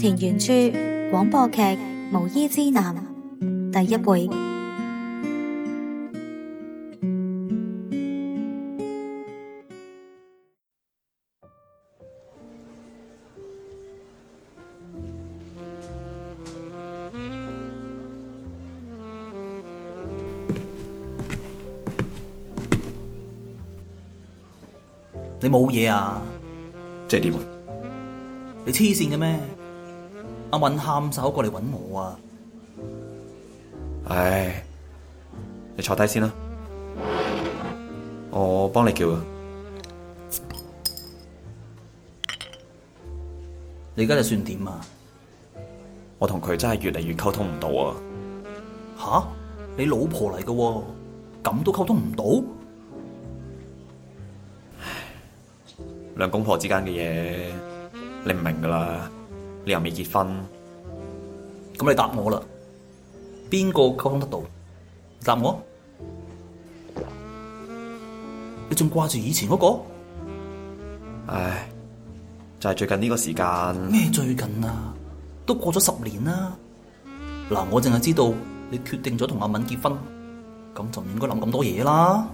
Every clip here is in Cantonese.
Tin 原著廣播劇《無依之男》第一回。你冇嘢啊？即係點啊？你黐線嘅咩？阿敏喊手過嚟揾我啊！唉，你坐低先啦，我幫你叫啊。你而家就算點啊？我同佢真係越嚟越溝通唔到啊！吓？你老婆嚟㗎喎，咁都溝通唔到？唉，兩公婆之間嘅嘢，你唔明噶啦。你又未結婚，咁你答我啦？邊個溝通得到？答我，你仲掛住以前嗰個？唉，就係最近呢個時間。咩最近啊？都過咗十年啦。嗱，我淨係知道你決定咗同阿敏結婚，咁就唔應該諗咁多嘢啦。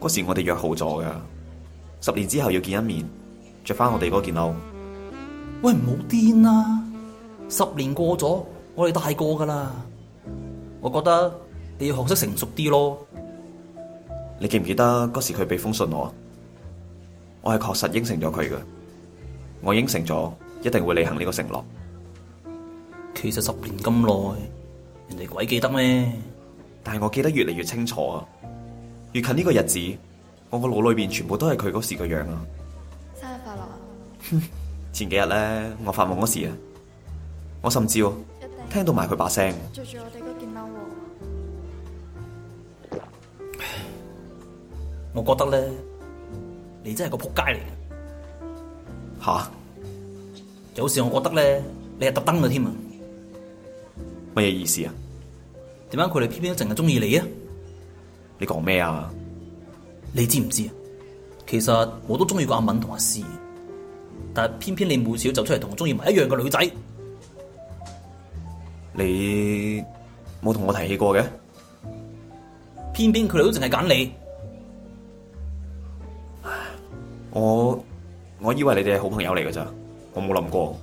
嗰時我哋約好咗嘅，十年之後要見一面，着翻我哋嗰件褸。喂，唔好癲啦！十年過咗，我哋大個噶啦。我覺得你要學識成熟啲咯。你記唔記得嗰時佢俾封信我？我係確實應承咗佢噶，我應承咗一定會履行呢個承諾。其實十年咁耐，人哋鬼記得咩？但係我記得越嚟越清楚啊！越近呢個日子，我個腦裏邊全部都係佢嗰時個樣啊！生日快樂！ 前幾日咧，我發夢嗰時啊，我甚至聽到埋佢把聲。我覺得咧，你真係個撲街嚟嘅。吓？有時我覺得咧，你係特登嘅添啊。乜嘢意思啊？點解佢哋偏偏都淨係中意你啊？你講咩啊？你知唔知啊？其實我都中意過阿敏同阿詩。但係偏偏你冇少走出嚟同我中意埋一樣嘅女仔，你冇同我提起過嘅？偏偏佢哋都淨係揀你。我我以為你哋係好朋友嚟㗎咋，我冇諗過。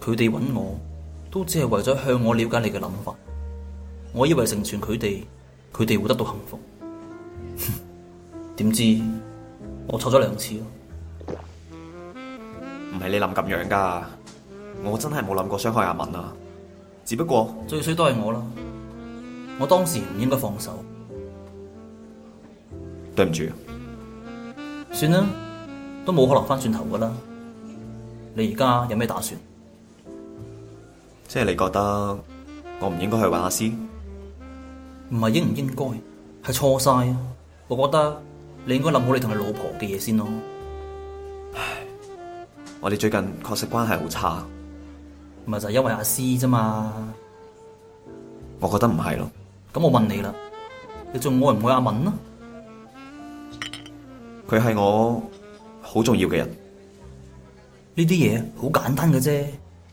佢哋搵我都只係為咗向我了解你嘅諗法。我以為成全佢哋，佢哋會得到幸福。點 知我錯咗兩次。唔係你諗咁樣噶，我真係冇諗過傷害阿敏啊。只不過最衰都係我啦，我當時唔應該放手。對唔住，算啦，都冇可能返轉頭噶啦。你而家有咩打算？即係你覺得我唔應該去揾阿詩？唔係應唔應該，係錯晒。我覺得你應該諗好你同你老婆嘅嘢先咯。我哋最近確實關係好差，咪就係因為阿詩啫嘛。我覺得唔係咯。咁我問你啦，你仲愛唔愛阿敏啊？佢係我好重要嘅人。呢啲嘢好簡單嘅啫，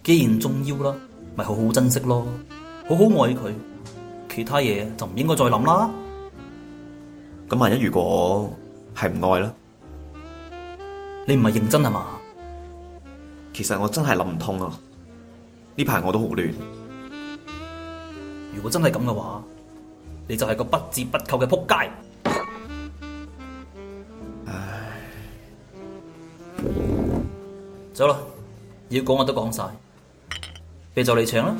既然重要啦，咪好好珍惜咯，好好愛佢。其他嘢就唔應該再諗啦。咁萬一如果我係唔愛啦，你唔係認真係嘛？其實我真係諗唔通啊。呢排我都好亂。如果真係咁嘅話，你就係個不折不扣嘅撲街。唉，走啦，要講我都講晒，你就嚟請啦。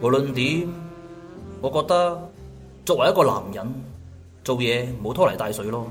無論點，我覺得作為一個男人，做嘢唔好拖泥帶水咯。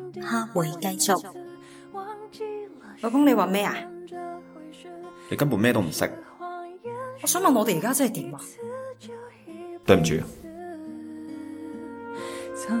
下回繼續，老公，你話咩啊？你根本咩都唔識，我想問我哋而家真係點啊？對唔住。